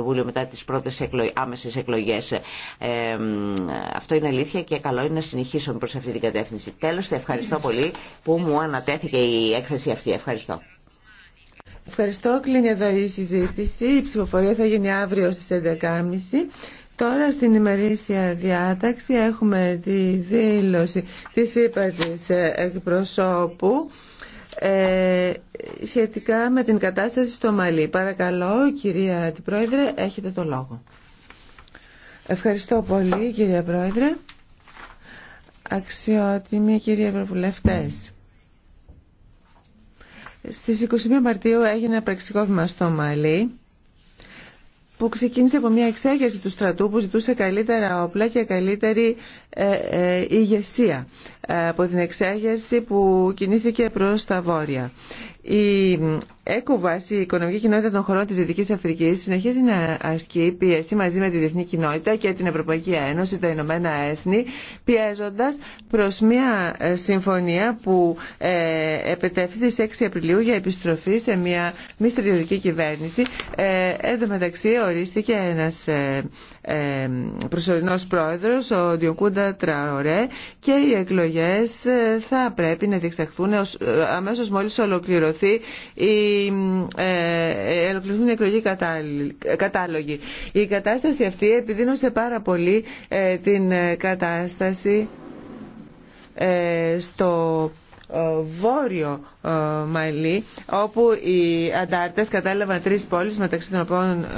Κοινοβούλιο μετά τις πρώτες εκλο... άμεσες εκλογές. Ε, αυτό είναι αλήθεια και καλό είναι να συνεχίσουμε προς αυτή την κατεύθυνση. Τέλος, θα ευχαριστώ πολύ που μου ανατέθηκε η έκθεση αυτή. Ευχαριστώ. Ευχαριστώ. Κλείνει εδώ η συζήτηση. Η ψηφοφορία θα γίνει αύριο στις 11.30. Τώρα στην ημερήσια διάταξη έχουμε τη δήλωση της ύπαρξης εκπροσώπου ε, σχετικά με την κατάσταση στο Μαλί. Παρακαλώ, κυρία Πρόεδρε, έχετε το λόγο. Ευχαριστώ πολύ, κυρία Πρόεδρε. Αξιότιμοι κύριοι Ευρωβουλευτές. Στις 21 Μαρτίου έγινε πραξικόπημα στο Μαλί που ξεκίνησε από μια εξέγερση του στρατού που ζητούσε καλύτερα όπλα και καλύτερη ε, ε, ηγεσία ε, από την εξέγερση που κινήθηκε προς τα βόρεια. Η Έκουβα, η οικονομική κοινότητα των χωρών τη Δυτική Αφρική συνεχίζει να ασκεί πίεση μαζί με τη διεθνή κοινότητα και την Ευρωπαϊκή Ένωση, τα Ηνωμένα Έθνη, πιέζοντα προ μια ε, συμφωνία που ε, στις στι 6 Απριλίου για επιστροφή σε μια μη στρατιωτική κυβέρνηση. Ε, εν τω μεταξύ, ορίστηκε ένα ε, ε προσωρινό πρόεδρο, ο Διοκούντα Τραωρέ, και οι εκλογέ ε, θα πρέπει να διεξαχθούν αμέσω μόλι ολοκληρωθεί η ολοκληρωθούν ε, οι εκλογικοί κατάλογοι. Η κατάσταση αυτή επιδίνωσε πάρα πολύ ε, την ε, κατάσταση στο βόρειο Μαλή όπου οι αντάρτες κατάλαβαν τρεις πόλεις μεταξύ των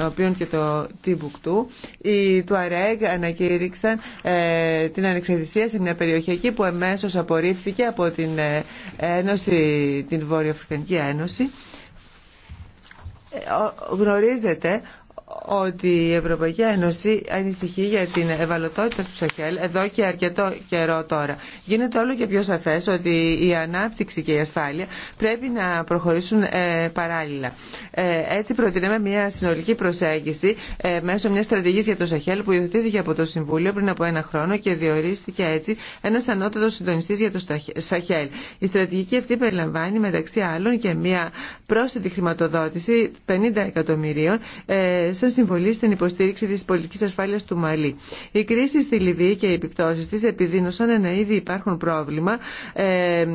οποίων και το Τιμπουκτού οι Τουαρέγ ανακήρυξαν την ανεξαρτησία σε μια περιοχή εκεί που εμέσως απορρίφθηκε από την Ένωση, την Βόρειο Αφρικανική Ένωση ε, γνωρίζετε ότι η Ευρωπαϊκή Ένωση ανησυχεί για την ευαλωτότητα του Σαχέλ εδώ και αρκετό καιρό τώρα. Γίνεται όλο και πιο σαφέ ότι η ανάπτυξη και η ασφάλεια πρέπει να προχωρήσουν ε, παράλληλα. Ε, έτσι προτείνουμε μια συνολική προσέγγιση ε, μέσω μια στρατηγικής για το Σαχέλ που υιοθετήθηκε από το Συμβούλιο πριν από ένα χρόνο και διορίστηκε έτσι ένα ανώτατος συντονιστή για το Σαχέλ. Η στρατηγική αυτή περιλαμβάνει μεταξύ άλλων και μια πρόσθετη χρηματοδότηση 50 εκατομμυρίων έδωσαν συμβολή στην υποστήριξη τη πολιτική ασφάλεια του Μαλή. Η κρίση στη Λιβύη και οι επιπτώσει τη επιδίνωσαν ένα ήδη υπάρχουν πρόβλημα ε, ε,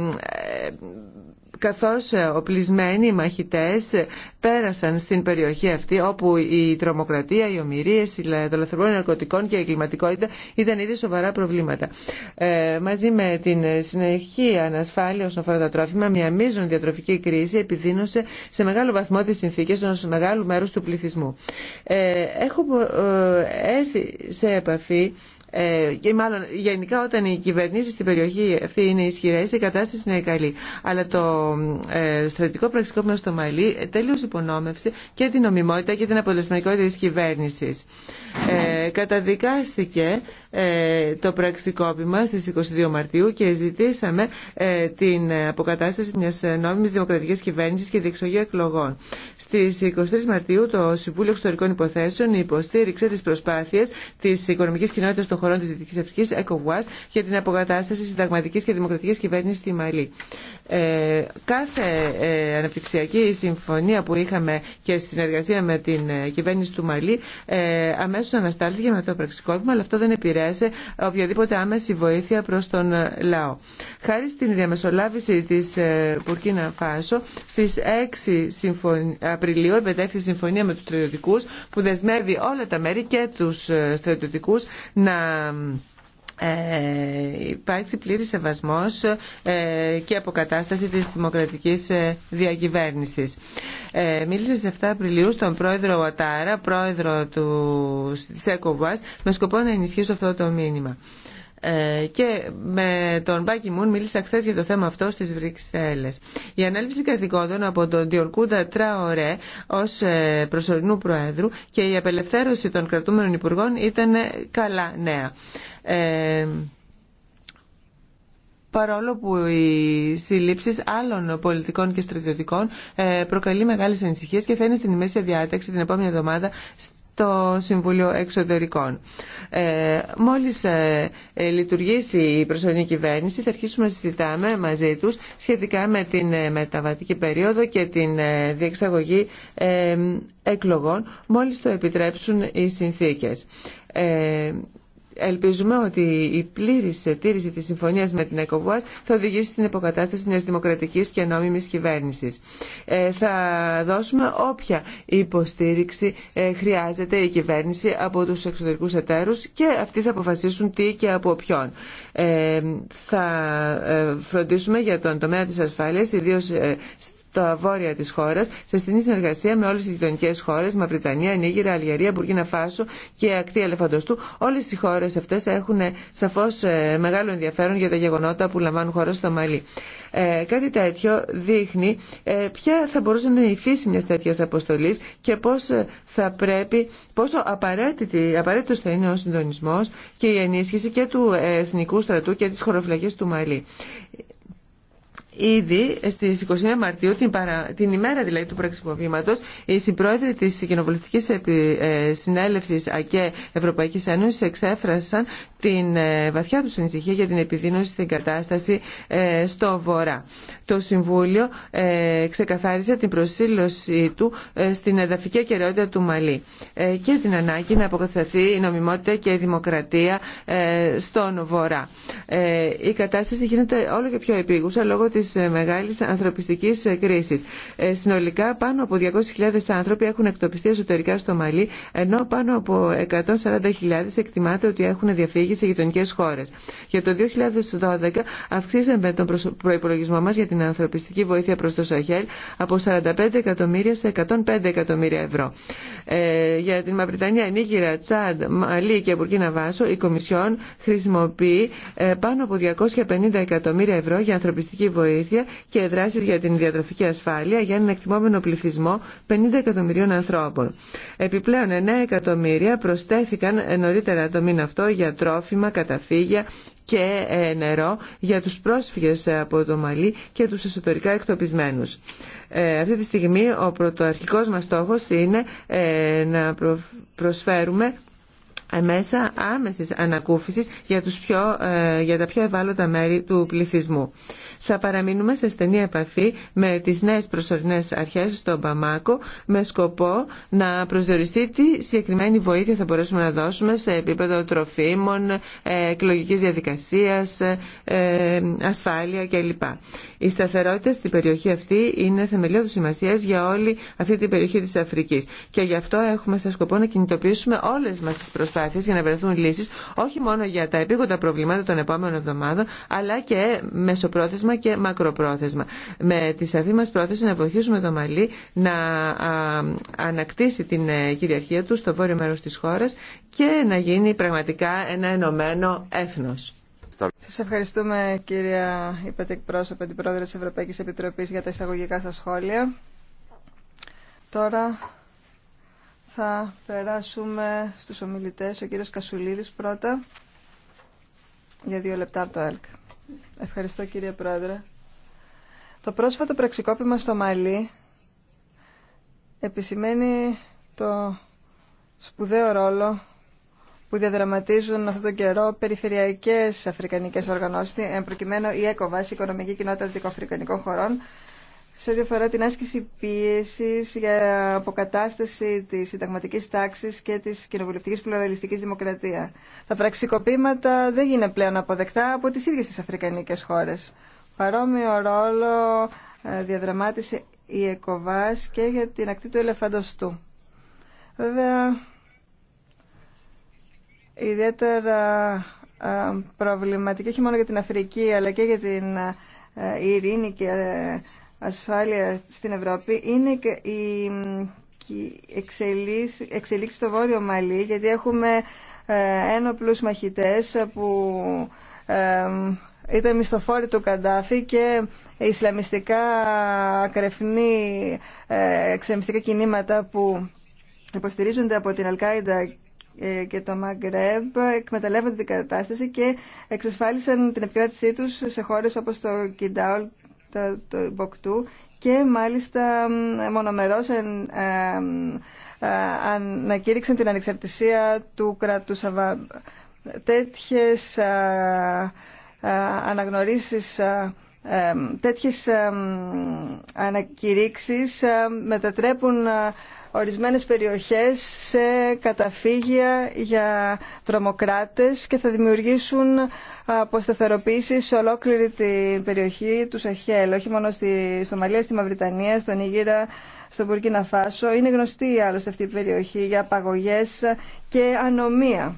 καθώς ε, οπλισμένοι μαχητές πέρασαν στην περιοχή αυτή όπου η τρομοκρατία, οι ομοιρίες, η λαθρεμπόριο ναρκωτικών και η εγκληματικότητα ήταν ήδη σοβαρά προβλήματα. Ε, μαζί με την συνεχή ανασφάλεια όσον αφορά τα τρόφιμα, μια μείζων διατροφική κρίση επιδίνωσε σε μεγάλο βαθμό τις συνθήκες ενός μεγάλου μέρους του πληθυσμού. Ε, έχω ε, έρθει σε επαφή ε, και μάλλον γενικά όταν οι κυβερνήσει στην περιοχή αυτή είναι ισχυρέ, η κατάσταση είναι καλή. Αλλά το ε, στρατιωτικό πραξικόπημα στο Μαλί ε, τέλειω υπονόμευσε και την νομιμότητα και την αποτελεσματικότητα τη κυβέρνηση. Ε, καταδικάστηκε ε, το πραξικόπημα στις 22 Μαρτίου και ζητήσαμε ε, την αποκατάσταση μιας νόμιμης δημοκρατικής κυβέρνησης και διεξογείου εκλογών. Στις 23 Μαρτίου το Συμβούλιο Εξωτερικών Υποθέσεων υποστήριξε τις προσπάθειες της οικονομικής κοινότητας των χωρών της Δυτικής Αφρικής, ΕΚΟΒΟΑΣ, για την αποκατάσταση συνταγματικής και δημοκρατικής κυβέρνησης στη Μαλή. Ε, κάθε αναπτυξιακή συμφωνία που είχαμε και συνεργασία με την κυβέρνηση του Μαλή αμέσως αναστάλθηκε με το πραξικόπημα, αλλά αυτό δεν επηρέασε οποιαδήποτε άμεση βοήθεια προς τον λαό. Χάρη στην διαμεσολάβηση της ε, Πουρκίνα Φάσο, στις 6 Απριλίου επετέχθη συμφωνία με τους στρατιωτικούς που δεσμεύει όλα τα μέρη και τους ε, στρατιωτικούς να ε, υπάρξει πλήρη σεβασμός ε, και αποκατάσταση της δημοκρατικής ε, διακυβέρνησης. Ε, μίλησε στις 7 Απριλίου στον πρόεδρο Οατάρα, πρόεδρο του, της με σκοπό να ενισχύσω αυτό το μήνυμα. Ε, και με τον Μπάκι Μουν μίλησα χθε για το θέμα αυτό στις Βρυξέλλε. Η ανάλυση καθηκόντων από τον Διορκούντα Τραωρέ ως ε, προσωρινού Προέδρου και η απελευθέρωση των κρατούμενων υπουργών ήταν ε, καλά νέα. παρόλο που οι συλλήψει άλλων πολιτικών και στρατιωτικών προκαλεί μεγάλε ανησυχίε και θα είναι στην ημέρια διάταξη την επόμενη εβδομάδα το Συμβούλιο Εξωτερικών. Ε, μόλις ε, ε, λειτουργήσει η προσωρινή κυβέρνηση θα αρχίσουμε να συζητάμε μαζί τους σχετικά με την ε, μεταβατική περίοδο και την ε, διεξαγωγή εκλογών μόλις το επιτρέψουν οι συνθήκες. Ελπίζουμε ότι η πλήρη τήρηση τη συμφωνία με την ΕΚΟΒΟΑΣ θα οδηγήσει στην υποκατάσταση μια δημοκρατική και νόμιμη κυβέρνηση. Ε, θα δώσουμε όποια υποστήριξη ε, χρειάζεται η κυβέρνηση από του εξωτερικού εταίρου και αυτοί θα αποφασίσουν τι και από ποιον. Ε, θα φροντίσουμε για τον τομέα τη ασφάλεια, ιδίω στα βόρεια τη χώρα, σε στενή συνεργασία με τι τι χώρε, χώρε, Μαυριτανία, Νίγηρα, Αλγερία, Μπουργίνα Φάσο και Ακτή Ελεφαντοστού. Όλε οι χώρε αυτέ έχουν ε, σαφώ ε, μεγάλο ενδιαφέρον για τα γεγονότα που λαμβάνουν χώρα στο Μαλί. Ε, κάτι τέτοιο δείχνει ε, ποια θα μπορούσε να είναι η φύση μια τέτοια αποστολή και πώ ε, θα πρέπει, πόσο απαραίτητο θα είναι ο συντονισμό και η ενίσχυση και του Εθνικού Στρατού και τη χωροφυλακή του Μαλί. Ήδη στι 21 Μαρτίου, την, την ημέρα δηλαδή του πραξικοπήματο, οι συμπρόεδροι τη Κοινοβουλευτική Επι... Ε, Συνέλευση ΑΚΕ Ευρωπαϊκή Ένωση εξέφρασαν την ε, βαθιά του ανησυχία για την επιδείνωση στην κατάσταση ε, στο Βορρά. Το Συμβούλιο ξεκαθάρισε την προσήλωσή του στην εδαφική ακαιρεότητα του Μαλή και την ανάγκη να αποκατασταθεί η νομιμότητα και η δημοκρατία στον Βορρά. Η κατάσταση γίνεται όλο και πιο επίγουσα λόγω τη της ε, μεγάλης ανθρωπιστικής ε, κρίσης. Ε, συνολικά πάνω από 200.000 άνθρωποι έχουν εκτοπιστεί εσωτερικά στο Μαλί, ενώ πάνω από 140.000 εκτιμάται ότι έχουν διαφύγει σε γειτονικέ χώρες. Για το 2012 αυξήσαμε τον προϋπολογισμό μας για την ανθρωπιστική βοήθεια προς το Σαχέλ από 45 εκατομμύρια σε 105 εκατομμύρια ευρώ. για την Μαυριτανία, Νίγηρα, Τσάντ, Μαλί και Μπουρκίνα Βάσο, η Κομισιόν χρησιμοποιεί πάνω από 250 εκατομμύρια ευρώ για ανθρωπιστική βοήθεια και δράσει για την διατροφική ασφάλεια για έναν εκτιμόμενο πληθυσμό 50 εκατομμυρίων ανθρώπων. Επιπλέον 9 εκατομμύρια προστέθηκαν νωρίτερα το μήνα αυτό για τρόφιμα, καταφύγια και ε, νερό για τους πρόσφυγες από το Μαλί και τους εσωτερικά εκτοπισμένους. Ε, αυτή τη στιγμή ο πρωτοαρχικός μας στόχος είναι ε, να προσφέρουμε μέσα άμεσης ανακούφισης για, τους πιο, ε, για τα πιο ευάλωτα μέρη του πληθυσμού. Θα παραμείνουμε σε στενή επαφή με τις νέες προσωρινές αρχές στο Μπαμάκο με σκοπό να προσδιοριστεί τι συγκεκριμένη βοήθεια θα μπορέσουμε να δώσουμε σε επίπεδο τροφίμων, ε, εκλογικής διαδικασίας, ε, ασφάλεια κλπ. Η σταθερότητα στην περιοχή αυτή είναι θεμελιώδη σημασία για όλη αυτή την περιοχή της Αφρικής και γι' αυτό έχουμε σε σκοπό να κινητοποιήσουμε όλες μας τις προσπάθειες προσπάθειες για να βρεθούν λύσεις όχι μόνο για τα επίγοντα προβλήματα των επόμενων εβδομάδων αλλά και μεσοπρόθεσμα και μακροπρόθεσμα. Με τη σαφή μας πρόθεση να βοηθήσουμε το Μαλί να ανακτήσει την ε, κυριαρχία του στο βόρειο μέρος της χώρας και να γίνει πραγματικά ένα ενωμένο έθνος. Σα ευχαριστούμε, κυρία είπατε την πρόεδρο τη Ευρωπαϊκή Επιτροπή, για τα εισαγωγικά σα σχόλια. Τώρα θα περάσουμε στους ομιλητές. Ο κύριος Κασουλίδης πρώτα για δύο λεπτά από το ΕΛΚ. Ευχαριστώ κύριε Πρόεδρε. Το πρόσφατο πραξικόπημα στο Μαλί επισημαίνει το σπουδαίο ρόλο που διαδραματίζουν αυτόν τον καιρό περιφερειακές αφρικανικές οργανώσεις, εν προκειμένου η ΕΚΟΒΑΣ, η Οικονομική Κοινότητα δικοαφρικανικών Χωρών, σε ό,τι αφορά την άσκηση πίεσης για αποκατάσταση της συνταγματική τάξης και της κοινοβουλευτική πλουραλιστική δημοκρατία. Τα πραξικοπήματα δεν γίνουν πλέον αποδεκτά από τις ίδιε τι αφρικανικές χώρες. Παρόμοιο ρόλο ε, διαδραμάτισε η ΕΚΟΒΑΣ και για την ακτή του ελεφαντοστού. Βέβαια, ιδιαίτερα ε, προβληματική όχι μόνο για την Αφρική αλλά και για την ε, ειρήνη και ασφάλεια στην Ευρώπη είναι η εξελίξη στο Βόρειο Μαλί, γιατί έχουμε ε, ένοπλους μαχητές που ε, ήταν μισθοφόροι του Καντάφη και ισλαμιστικά ακρεφνή ε, εξεμιστικά κινήματα που υποστηρίζονται από την Αλκάιντα και το Μαγκρέμπ εκμεταλλεύονται την κατάσταση και εξασφάλισαν την επικράτησή τους σε χώρες όπως το Κιντάολ του Μποκτού και μάλιστα μονομερώς εν, ανακήρυξαν την ανεξαρτησία του κρατού Σαββάμπ. Τέτοιες αναγνωρίσεις τέτοιες ανακηρύξεις μετατρέπουν ορισμένες περιοχές σε καταφύγια για τρομοκράτες και θα δημιουργήσουν αποσταθεροποίηση σε ολόκληρη την περιοχή του Σαχέλ, όχι μόνο στη, στο Μαλία, στη Μαυριτανία, στον Ήγυρα, στον Μπουρκίνα Φάσο. Είναι γνωστή άλλωστε αυτή η περιοχή για απαγωγές και ανομία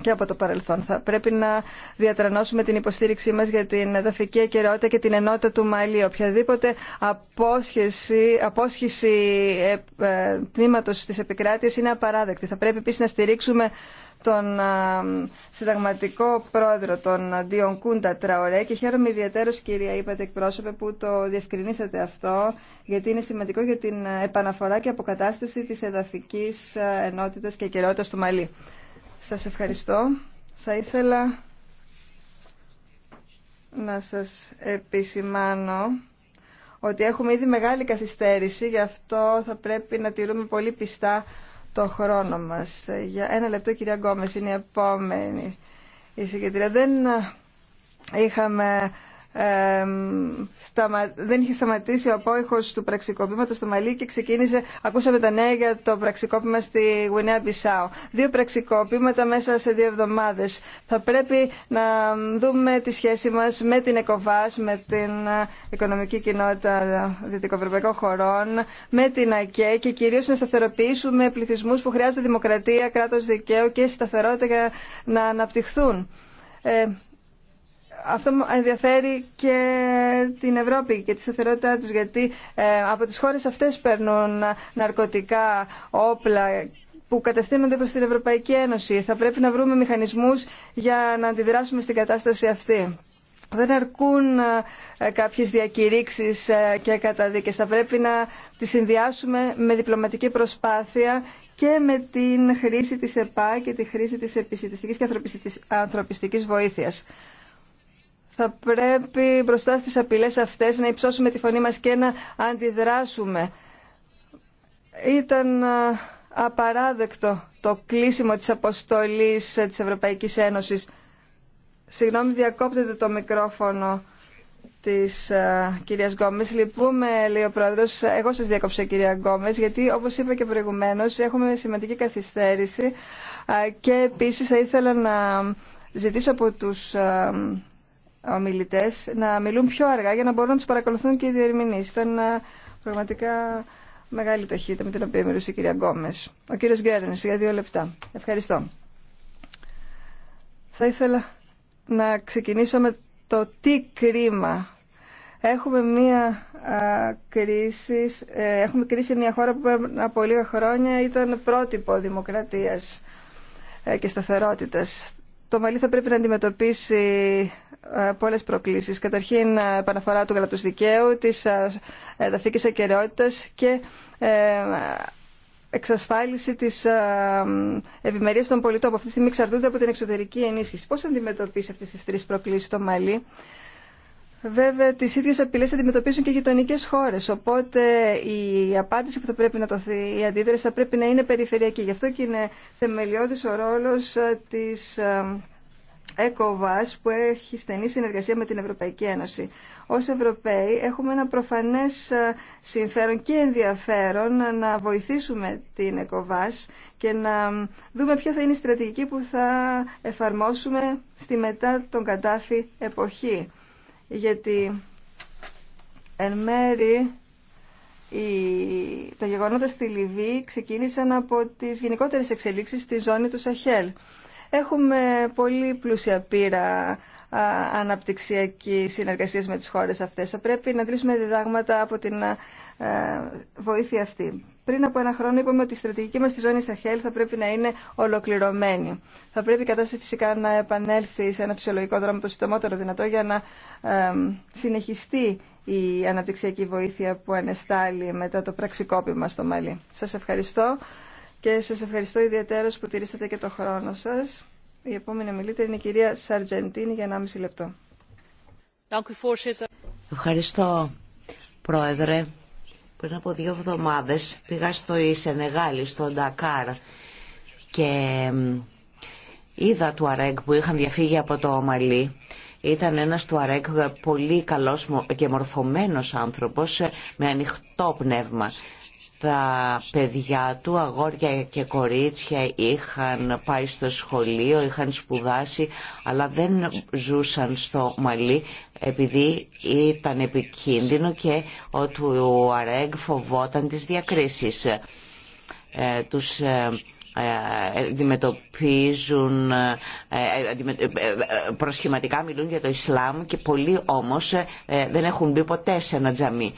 και από το παρελθόν. Θα πρέπει να διατρανώσουμε την υποστήριξή μας για την εδαφική ακαιρεότητα και την ενότητα του Μαλή. Οποιαδήποτε απόσχεση, απόσχεση ε, ε, τμήματος της επικράτειας είναι απαράδεκτη. Θα πρέπει επίσης να στηρίξουμε τον συνταγματικό πρόεδρο, τον Ντίον Κούντα Τραωρέ και χαίρομαι ιδιαίτερος κυρία είπατε εκπρόσωπε που το διευκρινίσατε αυτό γιατί είναι σημαντικό για την ε, επαναφορά και αποκατάσταση της εδαφικής ε, ενότητας και καιρότητας του Μαλή. Σας ευχαριστώ. Θα ήθελα να σας επισημάνω ότι έχουμε ήδη μεγάλη καθυστέρηση, γι' αυτό θα πρέπει να τηρούμε πολύ πιστά το χρόνο μας. Για ένα λεπτό, κυρία Γκόμες, είναι η επόμενη η Δεν είχαμε δεν είχε σταματήσει ο απόϊχος του πραξικοπήματος στο Μαλί και ξεκίνησε, ακούσαμε τα νέα για το πραξικόπημα στη Γουινέα Μπισάου. Δύο πραξικοπήματα μέσα σε δύο εβδομάδες. Θα πρέπει να δούμε τη σχέση μας με την ΕΚΟΒΑΣ, με την ε, Οικονομική Κοινότητα Δυτικοευρωπαϊκών Χωρών, με την ΑΚΕ και κυρίως να σταθεροποιήσουμε πληθυσμούς που χρειάζονται δημοκρατία, κράτος δικαίου και σταθερότητα για να αναπτυχθούν. Ε, αυτό ενδιαφέρει και την Ευρώπη και τη σταθερότητά τους γιατί ε, από τις χώρες αυτές παίρνουν ναρκωτικά, όπλα που κατευθύνονται προς την Ευρωπαϊκή Ένωση. Θα πρέπει να βρούμε μηχανισμούς για να αντιδράσουμε στην κατάσταση αυτή. Δεν αρκούν ε, κάποιες διακηρύξεις ε, και καταδίκες. Θα πρέπει να τις συνδυάσουμε με διπλωματική προσπάθεια και με την χρήση της ΕΠΑ και τη χρήση της επισητιστικής και ανθρωπιστικής βοήθειας θα πρέπει μπροστά στις απειλές αυτές να υψώσουμε τη φωνή μας και να αντιδράσουμε. Ήταν απαράδεκτο το κλείσιμο της αποστολής ε, της Ευρωπαϊκής Ένωσης. Συγγνώμη, διακόπτεται το μικρόφωνο της uh, κυρίας Γκόμες. Λυπούμε, λέει ο πρόεδρος, εγώ σας διακόψα κυρία Γκόμες, γιατί όπως είπα και προηγουμένως έχουμε σημαντική καθυστέρηση και επίσης θα ήθελα να ζητήσω από τους να μιλούν πιο αργά για να μπορούν να του παρακολουθούν και οι διερμηνείς. Ήταν ε, πραγματικά μεγάλη ταχύτητα με την οποία μιλούσε η κυρία Γκόμες. Ο κύριο Γκέρνη, για δύο λεπτά. Ευχαριστώ. Θα ήθελα να ξεκινήσω με το τι κρίμα. Έχουμε μία κρίση, ε, έχουμε κρίση μια χώρα που πριν από λίγα χρόνια ήταν πρότυπο δημοκρατίας ε, και σταθερότητας. Το Μαλί θα πρέπει να αντιμετωπίσει ε, πολλέ προκλήσεις. Καταρχήν, ε, παραφορά του κρατού δικαίου, της εδαφική ε, ακαιρεότητα και εξασφάλιση της ευημερία των πολιτών που αυτή τη στιγμή εξαρτούνται από την εξωτερική ενίσχυση. Πώς αντιμετωπίσει αυτές τις τρεις προκλήσεις το Μαλί. Βέβαια, τι ίδιε απειλέ αντιμετωπίζουν και γειτονικέ χώρε. Οπότε η απάντηση που θα πρέπει να δοθεί, η αντίδραση θα πρέπει να είναι περιφερειακή. Γι' αυτό και είναι θεμελιώδη ο ρόλο ε, τη ΕΚΟΒΑΣ που έχει στενή συνεργασία με την Ευρωπαϊκή Ένωση. Ω Ευρωπαίοι έχουμε ένα προφανέ ε, συμφέρον και ενδιαφέρον να βοηθήσουμε την ΕΚΟΒΑΣ και να δούμε ποια θα είναι η στρατηγική που θα εφαρμόσουμε στη μετά τον κατάφη εποχή γιατί εν μέρη τα γεγονότα στη Λιβύη ξεκίνησαν από τις γενικότερες εξελίξεις στη ζώνη του Σαχέλ. Έχουμε πολύ πλούσια πείρα αναπτυξιακή συνεργασία με τις χώρες αυτές. Θα πρέπει να τρίσουμε διδάγματα από την βοήθεια αυτή. Πριν από ένα χρόνο είπαμε ότι η στρατηγική μας στη ζώνη Σαχέλ θα πρέπει να είναι ολοκληρωμένη. Θα πρέπει η κατάσταση φυσικά να επανέλθει σε ένα ψυχολογικό δρόμο το συντομότερο δυνατό για να συνεχιστεί η αναπτυξιακή βοήθεια που ανεστάλλει μετά το πραξικόπημα στο Μαλί. Σας ευχαριστώ και σας ευχαριστώ ιδιαίτερα που τηρήσατε και το χρόνο σας. Η επόμενη μιλήτρια είναι η κυρία Σαρτζεντίνη για 1,5 λεπτό. Ευχαριστώ, Πρόεδρε. Πριν από δύο εβδομάδες πήγα στο Ισενεγάλη, στο Ντακάρ και είδα του Αρέγκ που είχαν διαφύγει από το Ομαλή ήταν ένας του Αρέκ πολύ καλός και μορφωμένος άνθρωπος ε, με ανοιχτό πνεύμα τα παιδιά του, αγόρια και κορίτσια, είχαν πάει στο σχολείο, είχαν σπουδάσει, αλλά δεν ζούσαν στο Μαλί επειδή ήταν επικίνδυνο και ο του Αρέγ φοβόταν τις διακρίσεις. Ε, τους ε, ε, αντιμετωπίζουν ε, προσχηματικά μιλούν για το Ισλάμ και πολλοί όμως δεν έχουν μπει ποτέ σε ένα τζαμί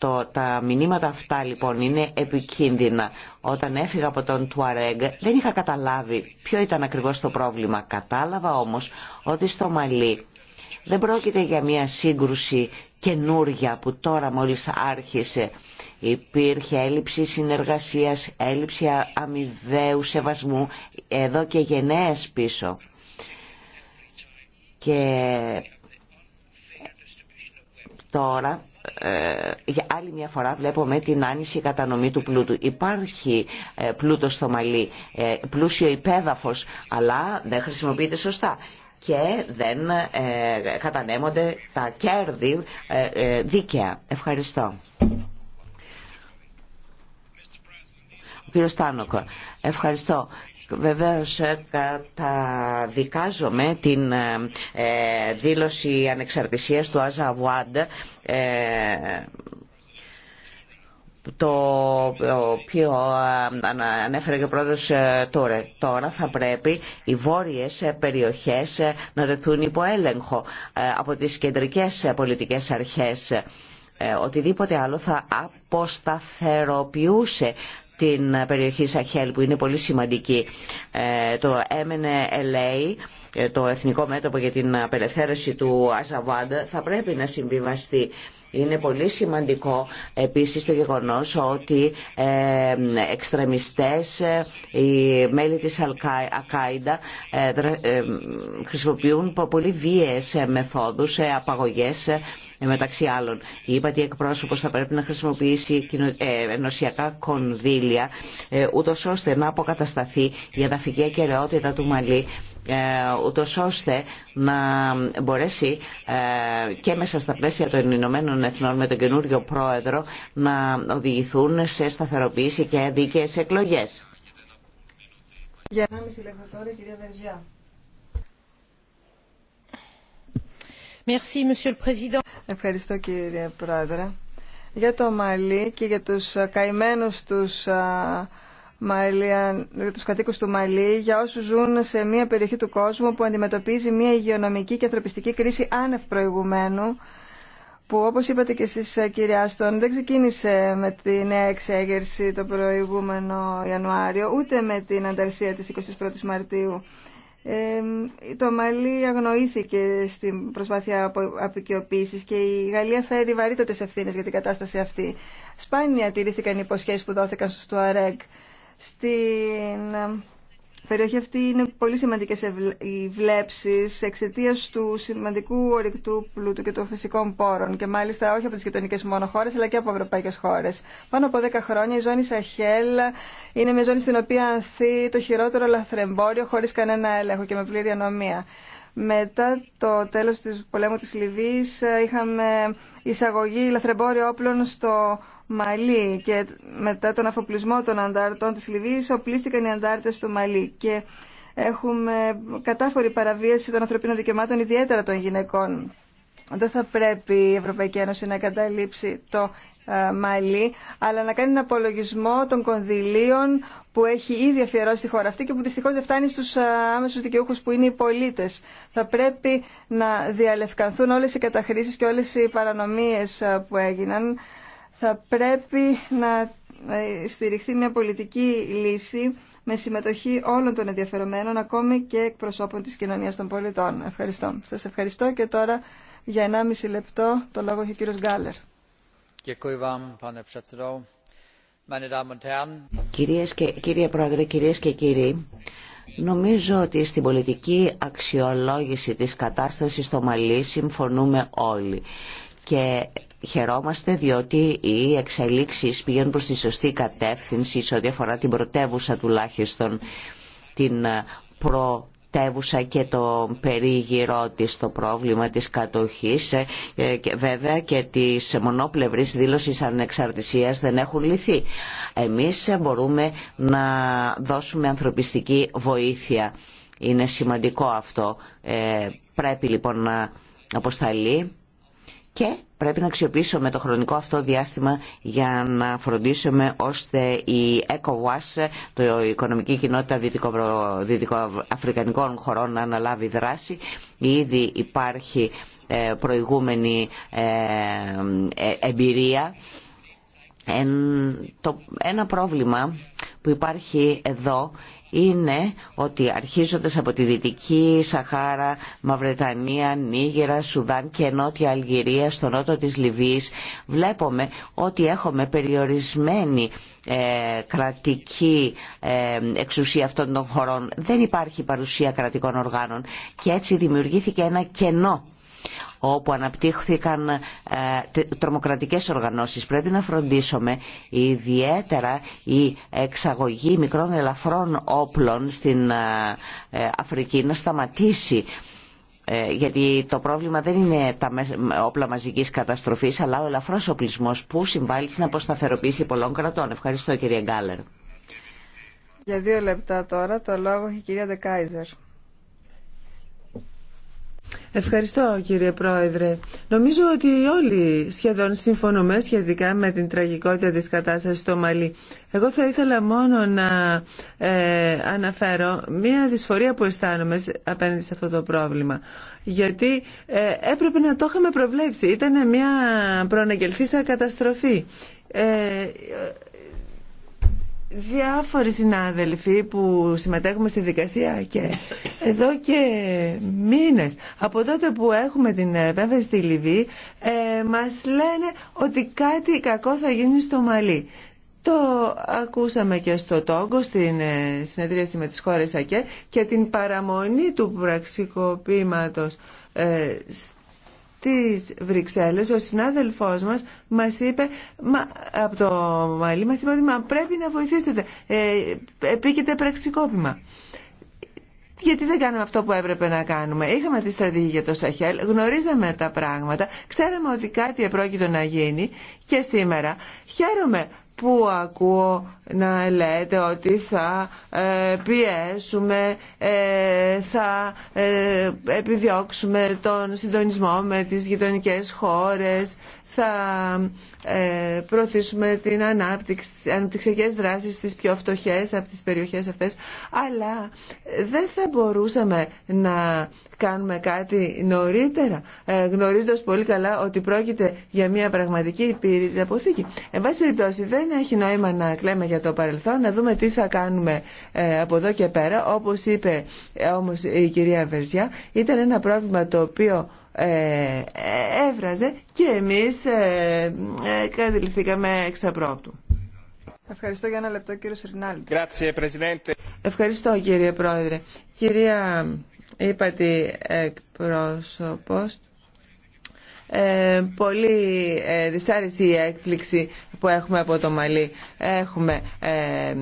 το, τα μηνύματα αυτά λοιπόν είναι επικίνδυνα. Όταν έφυγα από τον Τουαρέγ δεν είχα καταλάβει ποιο ήταν ακριβώς το πρόβλημα. Κατάλαβα όμως ότι στο Μαλί δεν πρόκειται για μια σύγκρουση καινούρια που τώρα μόλις άρχισε. Υπήρχε έλλειψη συνεργασίας, έλλειψη αμοιβαίου σεβασμού εδώ και γενναίες πίσω. Και τώρα ε, για άλλη μια φορά βλέπουμε την άνηση κατανομή του πλούτου. Υπάρχει ε, πλούτο στο Μαλί, ε, πλούσιο υπέδαφος, αλλά δεν χρησιμοποιείται σωστά και δεν κατανέμονται τα κέρδη δίκαια. Ευχαριστώ. Ο ευχαριστώ. Βεβαίως ε, καταδικάζομαι την ε, ε, δήλωση ανεξαρτησίας του Αζαβουάντ το οποίο ανέφερε και ο πρόεδρος τώρα. Τώρα θα πρέπει οι βόρειες περιοχές να δεθούν υπό έλεγχο από τις κεντρικές πολιτικές αρχές. Οτιδήποτε άλλο θα αποσταθεροποιούσε την περιοχή Σαχέλ που είναι πολύ σημαντική. Ε, το MNLA, ε, το Εθνικό Μέτωπο για την Απελευθέρωση του Ασαβάντα, θα πρέπει να συμβιβαστεί είναι πολύ σημαντικό επίσης το γεγονός ότι εξτρεμιστές, ε, οι μέλη της Ακάιντα ε, χρησιμοποιούν πολύ βίαιες ε, μεθόδους, απαγωγές μεταξύ άλλων. Είπα ΥΠΑΤΗ εκπρόσωπος θα πρέπει να χρησιμοποιήσει ενωσιακά κονδύλια ούτως ώστε να αποκατασταθεί η εδαφική ακεραιότητα του Μαλή ε, ούτως ώστε να μπορέσει ε, και μέσα στα πλαίσια των Ηνωμένων Εθνών με τον καινούριο πρόεδρο να οδηγηθούν σε σταθεροποίηση και δίκαιες εκλογέ. Για 1,5 λεπτό τώρα, κυρία Βεργιά. Ευχαριστώ κύριε Πρόεδρε. Για το Μαλί και για τους καημένους τους Μαλίαν, για τους κατοίκους του Μαλή, για όσους ζουν σε μια περιοχή του κόσμου που αντιμετωπίζει μια υγειονομική και ανθρωπιστική κρίση άνευ προηγουμένου, που όπως είπατε και εσείς κύριε Άστον, δεν ξεκίνησε με τη νέα εξέγερση το προηγούμενο Ιανουάριο, ούτε με την ανταρσία της 21ης Μαρτίου. Ε, το Μαλί αγνοήθηκε στην προσπάθεια αποικιοποίησης και η Γαλλία φέρει βαρύτατες ευθύνες για την κατάσταση αυτή. Σπάνια τηρήθηκαν οι υποσχέσεις που δόθηκαν στους Τουαρέγκ. Στην ε, περιοχή αυτή είναι πολύ σημαντικές οι βλέψεις εξαιτία του σημαντικού ορυκτού πλούτου και των φυσικών πόρων και μάλιστα όχι από τις γειτονικέ μόνο χώρες αλλά και από ευρωπαϊκές χώρες. Πάνω από 10 χρόνια η ζώνη Σαχέλ είναι μια ζώνη στην οποία ανθεί το χειρότερο λαθρεμπόριο χωρίς κανένα έλεγχο και με πλήρη ανομία. Μετά το τέλος του πολέμου της Λιβύης ε, είχαμε εισαγωγή λαθρεμπόριο όπλων στο Μαλή και μετά τον αφοπλισμό των αντάρτων της Λιβύης οπλίστηκαν οι αντάρτες του Μαλή και έχουμε κατάφορη παραβίαση των ανθρωπίνων δικαιωμάτων ιδιαίτερα των γυναικών. Δεν θα πρέπει η Ευρωπαϊκή Ένωση να καταλήψει το ε, Μαλή, αλλά να κάνει ένα απολογισμό των κονδυλίων που έχει ήδη αφιερώσει τη χώρα αυτή και που δυστυχώς δεν φτάνει στους ε, άμεσους δικαιούχους που είναι οι πολίτες. Θα πρέπει να διαλευκανθούν όλες οι καταχρήσεις και όλες οι παρανομίες ε, που έγιναν θα πρέπει να ε, στηριχθεί μια πολιτική λύση με συμμετοχή όλων των ενδιαφερομένων, ακόμη και εκπροσώπων της κοινωνίας των πολιτών. Ευχαριστώ. Σας ευχαριστώ και τώρα για 1,5 λεπτό το λόγο έχει ο κύριος Γκάλερ. Κυρίες και, κύριε Πρόεδρε, κυρίες και κύριοι, νομίζω ότι στην πολιτική αξιολόγηση της κατάστασης στο Μαλί συμφωνούμε όλοι. Και Χαιρόμαστε διότι οι εξελίξεις πηγαίνουν προς τη σωστή κατεύθυνση σε ό,τι αφορά την πρωτεύουσα τουλάχιστον την ε, πρωτεύουσα και το περίγυρό της το πρόβλημα της κατοχής ε, ε, βέβαια και της μονοπλευρής δήλωσης ανεξαρτησίας δεν έχουν λυθεί. Εμείς μπορούμε να δώσουμε ανθρωπιστική βοήθεια. Είναι σημαντικό αυτό. Πρέπει λοιπόν να αποσταλεί και πρέπει να αξιοποιήσουμε το χρονικό αυτό διάστημα για να φροντίσουμε ώστε η ECOWAS, το Οικονομική Κοινότητα Δυτικοαφρικανικών Χωρών, να αναλάβει δράση. Ήδη υπάρχει ε, προηγούμενη ε, ε, εμπειρία ένα πρόβλημα που υπάρχει εδώ είναι ότι αρχίζοντας από τη Δυτική Σαχάρα, Μαυρετανία, Νίγερα, Σουδάν και Νότια Αλγυρία στο νότο της Λιβύης βλέπουμε ότι έχουμε περιορισμένη ε, κρατική ε, εξουσία αυτών των χωρών. Δεν υπάρχει παρουσία κρατικών οργάνων και έτσι δημιουργήθηκε ένα κενό όπου αναπτύχθηκαν ε, τρομοκρατικές οργανώσεις. Πρέπει να φροντίσουμε ιδιαίτερα η εξαγωγή μικρών ελαφρών όπλων στην ε, ε, Αφρική να σταματήσει γιατί το πρόβλημα δεν είναι τα όπλα μαζικής καταστροφής αλλά ο ελαφρός οπλισμός που συμβάλλει στην αποσταθεροποίηση πολλών κρατών. Ευχαριστώ κύριε Γκάλερ. Για δύο λεπτά τώρα το λόγο έχει η κυρία Δεκάιζερ. Ευχαριστώ κύριε Πρόεδρε. Νομίζω ότι όλοι σχεδόν συμφωνούμε σχετικά με την τραγικότητα της κατάστασης στο Μαλί. Εγώ θα ήθελα μόνο να ε, αναφέρω μία δυσφορία που αισθάνομαι απέναντι σε αυτό το πρόβλημα. Γιατί ε, έπρεπε να το είχαμε προβλέψει. Ήταν μία προαναγγελθήσα καταστροφή. Ε, διάφοροι συνάδελφοι που συμμετέχουμε στη δικασία και εδώ και μήνες από τότε που έχουμε την επέμβαση στη Λιβύη ε, μας λένε ότι κάτι κακό θα γίνει στο Μαλί. Το ακούσαμε και στο Τόγκο στην ε, συνεδρίαση με τις χώρες ΑΚΕ και την παραμονή του πραξικοπήματος ε, της Βρυξέλλες, ο συνάδελφός μας μας είπε μα, από το Μαλή μας είπε ότι μα, πρέπει να βοηθήσετε ε, επίκειται πραξικόπημα γιατί δεν κάναμε αυτό που έπρεπε να κάνουμε. Είχαμε τη στρατηγική για το Σαχέλ, γνωρίζαμε τα πράγματα, ξέραμε ότι κάτι επρόκειτο να γίνει και σήμερα χαίρομαι που ακούω να λέτε ότι θα ε, πιέσουμε, ε, θα ε, επιδιώξουμε τον συντονισμό με τις γειτονικές χώρες θα ε, προωθήσουμε την ανάπτυξη, αναπτυξιακές δράσεις στις πιο φτωχές από τις περιοχές αυτές, αλλά δεν θα μπορούσαμε να κάνουμε κάτι νωρίτερα, ε, γνωρίζοντας πολύ καλά ότι πρόκειται για μια πραγματική υπήρητη αποθήκη. Εν πάση περιπτώσει, δεν έχει νόημα να κλαίμε για το παρελθόν, να δούμε τι θα κάνουμε ε, από εδώ και πέρα. Όπως είπε όμως η κυρία Βερζιά, ήταν ένα πρόβλημα το οποίο ε, έβραζε και εμείς ε, ε, κατηληθήκαμε Ευχαριστώ για ένα λεπτό κύριο Συρνάλη. Ευχαριστώ κύριε Πρόεδρε. Κυρία είπατε εκπρόσωπος, ε, πολύ ε, δυσάρεστη η έκπληξη που έχουμε από το μαλή Έχουμε ε,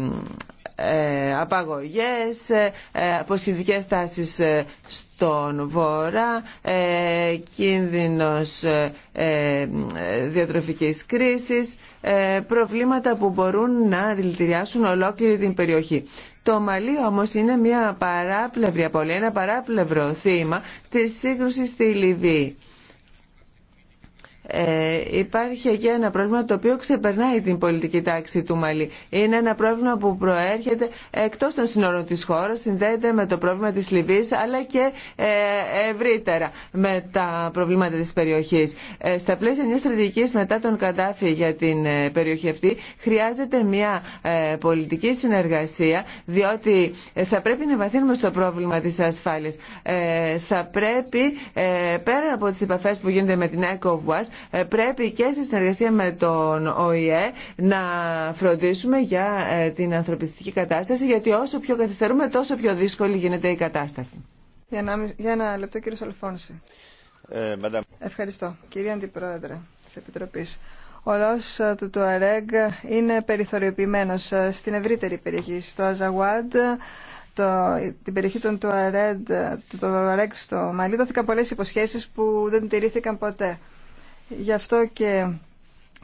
ε, απαγωγές, ε, ε, αποσυνδικές τάσεις στον Βόρα, κίνδυνος διατροφικής κρίσης, προβλήματα που μπορούν να δηλητηριάσουν ολόκληρη την περιοχή. Το Μαλί όμως είναι μια παράπλευρη απολύτω, ένα παράπλευρο θύμα της σύγκρουσης στη Λιβύη. Ε, υπάρχει εκεί ένα πρόβλημα το οποίο ξεπερνάει την πολιτική τάξη του Μαλή. Είναι ένα πρόβλημα που προέρχεται εκτός των σύνορων της χώρας, συνδέεται με το πρόβλημα της Λιβύης αλλά και ε, ευρύτερα με τα προβλήματα της περιοχής. Ε, στα πλαίσια μιας στρατηγική μετά τον Καντάφη για την ε, περιοχή αυτή χρειάζεται μια ε, πολιτική συνεργασία διότι θα πρέπει να βαθύνουμε στο πρόβλημα της ασφάλειας. θα πρέπει πέρα από τις επαφές που γίνονται με την ECOWAS ε, πρέπει και στη συνεργασία με τον ΟΗΕ να φροντίσουμε για ε, την ανθρωπιστική κατάσταση, γιατί όσο πιο καθυστερούμε, τόσο πιο δύσκολη γίνεται η κατάσταση. Για ένα, για ένα λεπτό, κύριο Αλφόνση. Ε, Ευχαριστώ. Κύριε Αντιπρόεδρε τη Επιτροπή. ο λαός ε, του Τουαρέγ είναι περιθωριοποιημένος στην ευρύτερη περιοχή, στο Αζαγουάντ, το, την περιοχή των Τουαρέγ, του Τουαρέγ στο Μαλί, δόθηκαν πολλές υποσχέσεις που δεν τηρήθηκαν ποτέ. Γι' αυτό και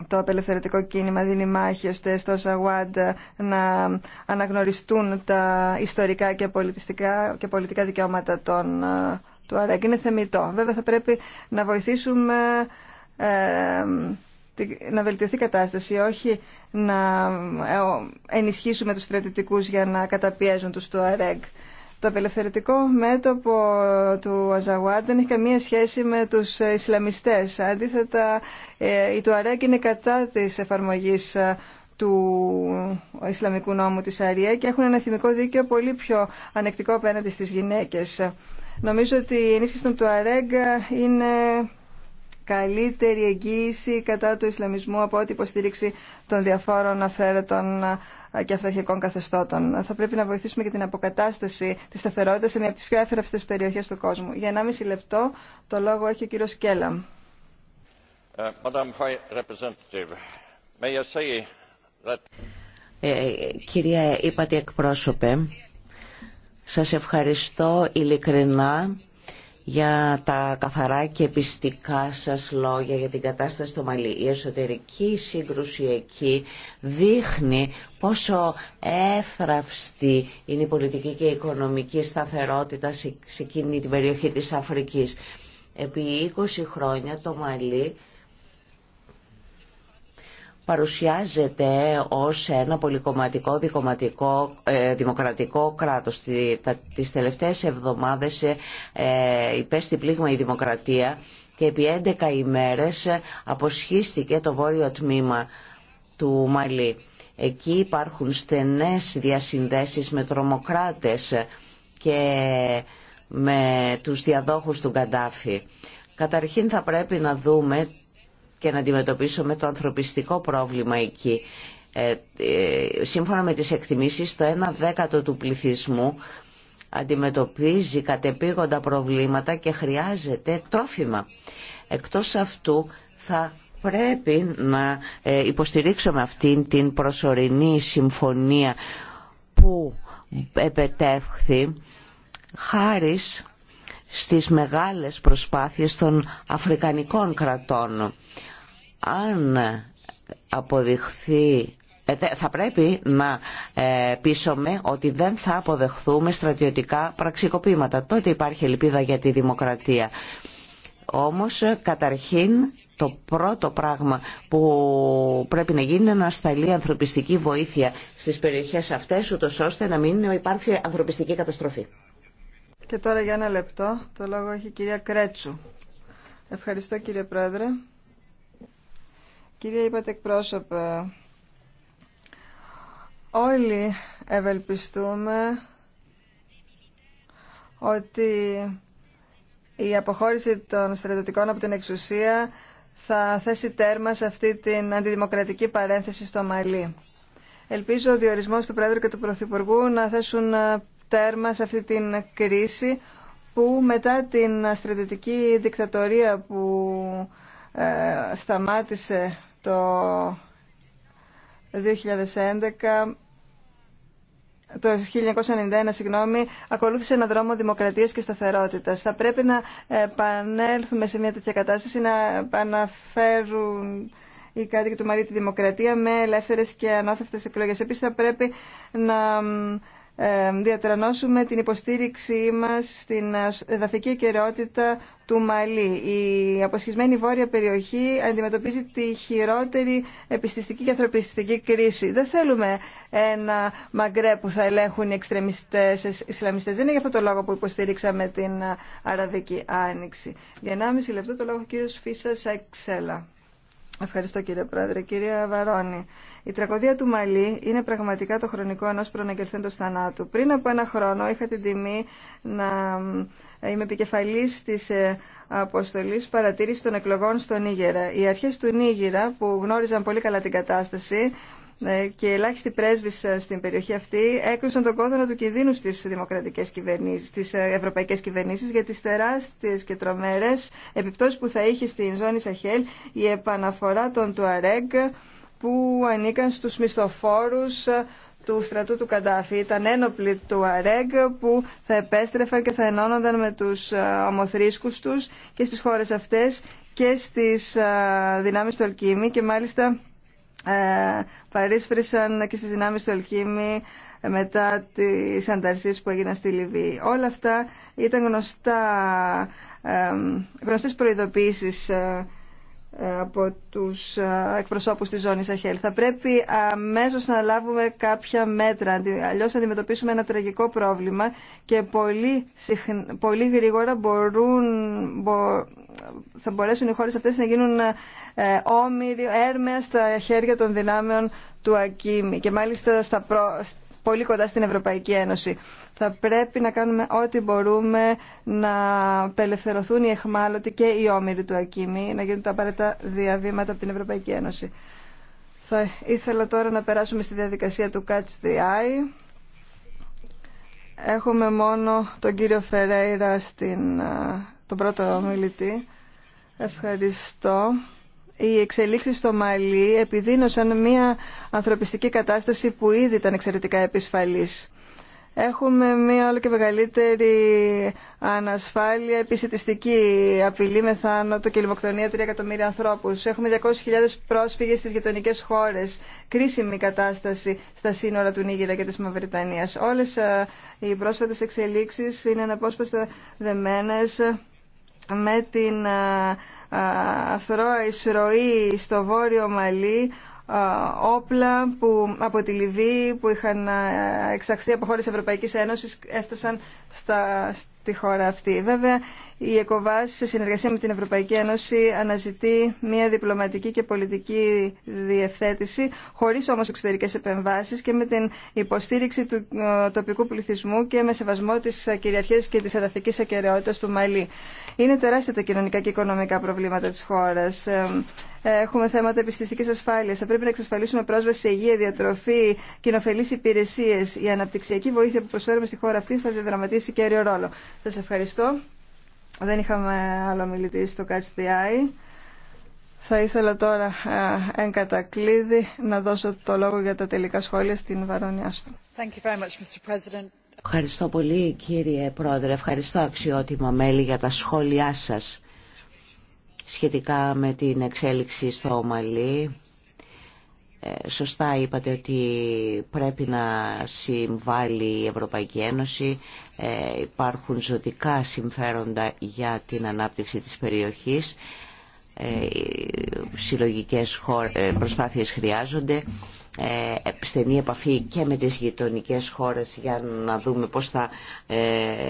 το απελευθερωτικό κίνημα δίνει μάχη ώστε στο Σαγουάντ να αναγνωριστούν τα ιστορικά και πολιτιστικά και πολιτικά δικαιώματα των, ε, του ΑΡΕΚ. Είναι θεμητό. Βέβαια θα πρέπει να βοηθήσουμε ε, να βελτιωθεί η κατάσταση, όχι να ε, ενισχύσουμε τους στρατιωτικούς για να καταπιέζουν τους του ΑΡΕΚ. Το απελευθερωτικό μέτωπο του Αζαουάτ δεν έχει καμία σχέση με τους Ισλαμιστές. Αντίθετα, ε, η Τουαρέκ είναι κατά της εφαρμογής ε, του Ισλαμικού νόμου της Αρία και έχουν ένα θυμικό δίκαιο πολύ πιο ανεκτικό απέναντι στις γυναίκες. Νομίζω ότι η ενίσχυση των Τουαρέγκ είναι καλύτερη εγγύηση κατά του Ισλαμισμού από ό,τι υποστήριξη των διαφόρων αυθαίρετων και αυταρχικών καθεστώτων. Θα πρέπει να βοηθήσουμε και την αποκατάσταση τη σταθερότητα σε μια από τι πιο έθραυστε περιοχέ του κόσμου. Για 1,5 λεπτό το λόγο έχει ο κύριο Κέλαμ. Ε, ε, κυρία, είπατε εκπρόσωπε, σας ευχαριστώ ειλικρινά για τα καθαρά και πιστικά σας λόγια για την κατάσταση στο Μαλί. Η εσωτερική σύγκρουση εκεί δείχνει πόσο έφραυστη είναι η πολιτική και η οικονομική σταθερότητα σε εκείνη την περιοχή της Αφρικής. Επί 20 χρόνια το Μαλί παρουσιάζεται ως ένα πολυκομματικό, δικοματικό, ε, δημοκρατικό κράτος. Τις τελευταίες εβδομάδες ε, ε, υπέστη πλήγμα η δημοκρατία και επί 11 ημέρες αποσχίστηκε το βόρειο τμήμα του Μαλή. Εκεί υπάρχουν στενές διασυνδέσεις με τρομοκράτες και με τους διαδόχους του Καντάφη. Καταρχήν θα πρέπει να δούμε και να αντιμετωπίσουμε το ανθρωπιστικό πρόβλημα εκεί. Ε, ε, σύμφωνα με τις εκτιμήσεις, το 1 δέκατο του πληθυσμού αντιμετωπίζει κατεπήγοντα προβλήματα και χρειάζεται τρόφιμα. Εκτός αυτού θα πρέπει να ε, υποστηρίξουμε αυτήν την προσωρινή συμφωνία που επετεύχθη χάρης στις μεγάλες προσπάθειες των αφρικανικών κρατών. Αν αποδειχθεί ε, θα πρέπει να ε, πείσουμε ότι δεν θα αποδεχθούμε στρατιωτικά πραξικοπήματα. Τότε υπάρχει ελπίδα για τη δημοκρατία. Όμως καταρχήν το πρώτο πράγμα που πρέπει να γίνει είναι να σταλεί ανθρωπιστική βοήθεια στις περιοχές αυτές, ούτως ώστε να μην υπάρξει ανθρωπιστική καταστροφή. Και τώρα για ένα λεπτό το λόγο έχει η κυρία Κρέτσου. Ευχαριστώ κύριε Πρόεδρε. Κυρία είπατε εκπρόσωπε, όλοι ευελπιστούμε ότι η αποχώρηση των στρατιωτικών από την εξουσία θα θέσει τέρμα σε αυτή την αντιδημοκρατική παρένθεση στο Μαλί. Ελπίζω ο διορισμός του Πρόεδρου και του Πρωθυπουργού να θέσουν τέρμα σε αυτή την κρίση που μετά την στρατιωτική δικτατορία που ε, σταμάτησε το 2011 το 1991, συγγνώμη, ακολούθησε ένα δρόμο δημοκρατίας και σταθερότητας. Θα πρέπει να επανέλθουμε σε μια τέτοια κατάσταση, να επαναφέρουν οι κάτοικοι του Μαρή τη δημοκρατία με ελεύθερες και ανώθευτες εκλογές. Επίσης θα πρέπει να διατρανώσουμε την υποστήριξή μας στην εδαφική καιρότητα του Μαλή. Η αποσχισμένη βόρεια περιοχή αντιμετωπίζει τη χειρότερη επιστηστική και ανθρωπιστική κρίση. Δεν θέλουμε ένα μαγκρέ που θα ελέγχουν οι εξτρεμιστές Ισλαμιστές. Δεν είναι για αυτό το λόγο που υποστήριξαμε την Αραβική Άνοιξη. Για 1,5 λεπτό το λόγο ο κύριος Φίσας Ευχαριστώ κύριε Πρόεδρε. Κύριε Βαρόνη, η τραγωδία του Μαλή είναι πραγματικά το χρονικό ενός προναγγελθέντος θανάτου. Πριν από ένα χρόνο είχα την τιμή να ε, είμαι επικεφαλής της ε, αποστολή παρατήρηση των εκλογών στον Νίγερα. Οι αρχέ του Νίγηρα που γνώριζαν πολύ καλά την κατάσταση ε, και ελάχιστοι πρέσβει ε, στην περιοχή αυτή έκλεισαν τον κόδωνα του κινδύνου στις, δημοκρατικές κυβερνήσει, στι ε, ευρωπαϊκές κυβερνήσεις για τι τεράστιε και τρομέρε, επιπτώσει που θα είχε στην ζώνη Σαχέλ η επαναφορά των του που ανήκαν στου μισθοφόρους του στρατού του Καντάφη. Ήταν ένοπλοι του ΑΡΕΓ που θα επέστρεφαν και θα ενώνονταν με τους ομοθρίσκους τους και στις χώρες αυτές και στις δυνάμεις του Αλκίμη και μάλιστα ε, παρίσφρησαν και στις δυνάμεις του Ελκύμη μετά τις ανταρσίες που έγιναν στη Λιβύη. Όλα αυτά ήταν γνωστά, ε, γνωστές προειδοποίησεις ε, ε, από τους ε, εκπροσώπους της ζώνης Αχέλ. Θα πρέπει αμέσως να λάβουμε κάποια μέτρα, αλλιώς θα αντιμετωπίσουμε ένα τραγικό πρόβλημα και πολύ, πολύ γρήγορα μπορούν, μπο, θα μπορέσουν οι χώρες αυτές να γίνουν ε, όμοιροι, έρμεα στα χέρια των δυνάμεων του Ακίμη και μάλιστα στα, προ, πολύ κοντά στην Ευρωπαϊκή Ένωση. Θα πρέπει να κάνουμε ό,τι μπορούμε να απελευθερωθούν οι εχμάλωτοι και οι όμοιροι του Ακίμη, να γίνουν τα απαραίτητα διαβήματα από την Ευρωπαϊκή Ένωση. Θα ήθελα τώρα να περάσουμε στη διαδικασία του Catch the Eye. Έχουμε μόνο τον κύριο Φερέιρα στην, τον πρώτο ομιλητή. Ευχαριστώ οι εξελίξεις στο Μαλί επιδίνωσαν μια ανθρωπιστική κατάσταση που ήδη ήταν εξαιρετικά επισφαλής. Έχουμε μια όλο και μεγαλύτερη ανασφάλεια, επισητιστική απειλή με θάνατο και λιμοκτονία 3 εκατομμύρια ανθρώπους. Έχουμε 200.000 πρόσφυγες στις γειτονικέ χώρες. Κρίσιμη κατάσταση στα σύνορα του Νίγηρα και της Μαυριτανίας. Όλες ε, οι πρόσφατες εξελίξεις είναι αναπόσπαστα δεμένες με την ε, ε, αθρώα εισρωή στο βόρειο Μαλί ε, όπλα που, από τη Λιβύη που είχαν εξαχθεί από χώρες Ευρωπαϊκής Ένωσης έφτασαν στα, τη χώρα αυτή. Βέβαια, η ΕΚΟΒΑΣ σε συνεργασία με την Ευρωπαϊκή Ένωση αναζητεί μια διπλωματική και πολιτική διευθέτηση, χωρί όμω εξωτερικέ επεμβάσει και με την υποστήριξη του ε, τοπικού πληθυσμού και με σεβασμό τη κυριαρχία και τη εδαφική ακεραιότητα του Μαλή. Είναι τεράστια τα κοινωνικά και οικονομικά προβλήματα τη χώρα. Ε, έχουμε θέματα επιστημικής ασφάλεια. Θα πρέπει να εξασφαλίσουμε πρόσβαση σε υγεία, διατροφή, κοινοφελεί υπηρεσίε. Η αναπτυξιακή βοήθεια που προσφέρουμε στη χώρα αυτή θα διαδραματίσει κέριο ρόλο. Σα ευχαριστώ. Δεν είχαμε άλλο μιλητή στο Catch the Θα ήθελα τώρα εν κατακλείδη να δώσω το λόγο για τα τελικά σχόλια στην Βαρόνια του. Ευχαριστώ πολύ κύριε Πρόεδρε, ευχαριστώ αξιότιμα μέλη για τα σχόλιά σας σχετικά με την εξέλιξη στο Ομαλή. Ε, σωστά είπατε ότι πρέπει να συμβάλλει η Ευρωπαϊκή Ένωση. Ε, υπάρχουν ζωτικά συμφέροντα για την ανάπτυξη της περιοχής. Ε, συλλογικές προσπάθειες χρειάζονται. Στενή επαφή και με τις γειτονικές χώρες για να δούμε πώς θα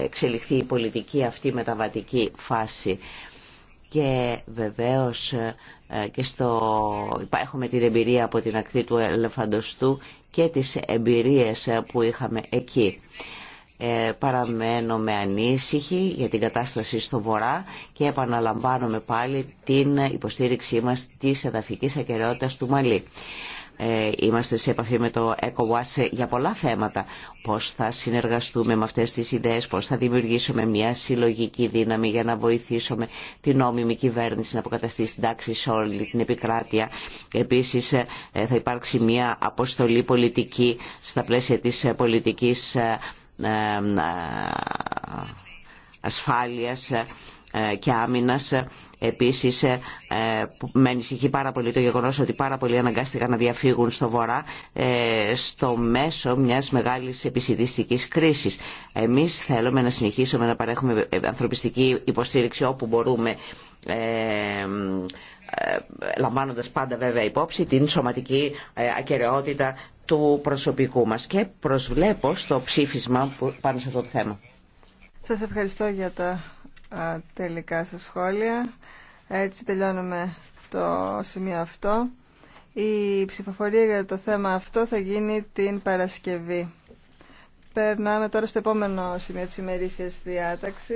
εξελιχθεί η πολιτική αυτή μεταβατική φάση και βεβαίως ε, και στο... έχουμε την εμπειρία από την ακτή του Ελεφαντοστού και τις εμπειρίες ε, που είχαμε εκεί. Ε, παραμένουμε ανήσυχοι για την κατάσταση στο Βορρά και επαναλαμβάνουμε πάλι την υποστήριξή μας της εδαφικής ακεραιότητας του Μαλή. Ε, είμαστε σε επαφή με το ECOWAS για πολλά θέματα. Πώς θα συνεργαστούμε με αυτές τις ιδέες, πώς θα δημιουργήσουμε μια συλλογική δύναμη για να βοηθήσουμε την νόμιμη κυβέρνηση να αποκαταστήσει την τάξη σε όλη την επικράτεια. Επίσης ε, θα υπάρξει μια αποστολή πολιτική στα πλαίσια της πολιτικής ε, ασφάλειας και άμυνας Επίσης ε, με ανησυχεί πάρα πολύ το γεγονός ότι πάρα πολλοί αναγκάστηκαν να διαφύγουν στο βορρά ε, στο μέσο μιας μεγάλης επισυδιστικής κρίσης. Εμείς θέλουμε να συνεχίσουμε να παρέχουμε ε, ανθρωπιστική υποστήριξη όπου μπορούμε λαμβάνοντας πάντα βέβαια υπόψη την σωματική ακαιρεότητα του προσωπικού μας και προσβλέπω στο ψήφισμα πάνω σε αυτό το θέμα. Σας ευχαριστώ για τα τελικά στους σχόλια. Έτσι τελειώνουμε το σημείο αυτό. Η ψηφοφορία για το θέμα αυτό θα γίνει την Παρασκευή. Περνάμε τώρα στο επόμενο σημείο της ημερήσιας διάταξης.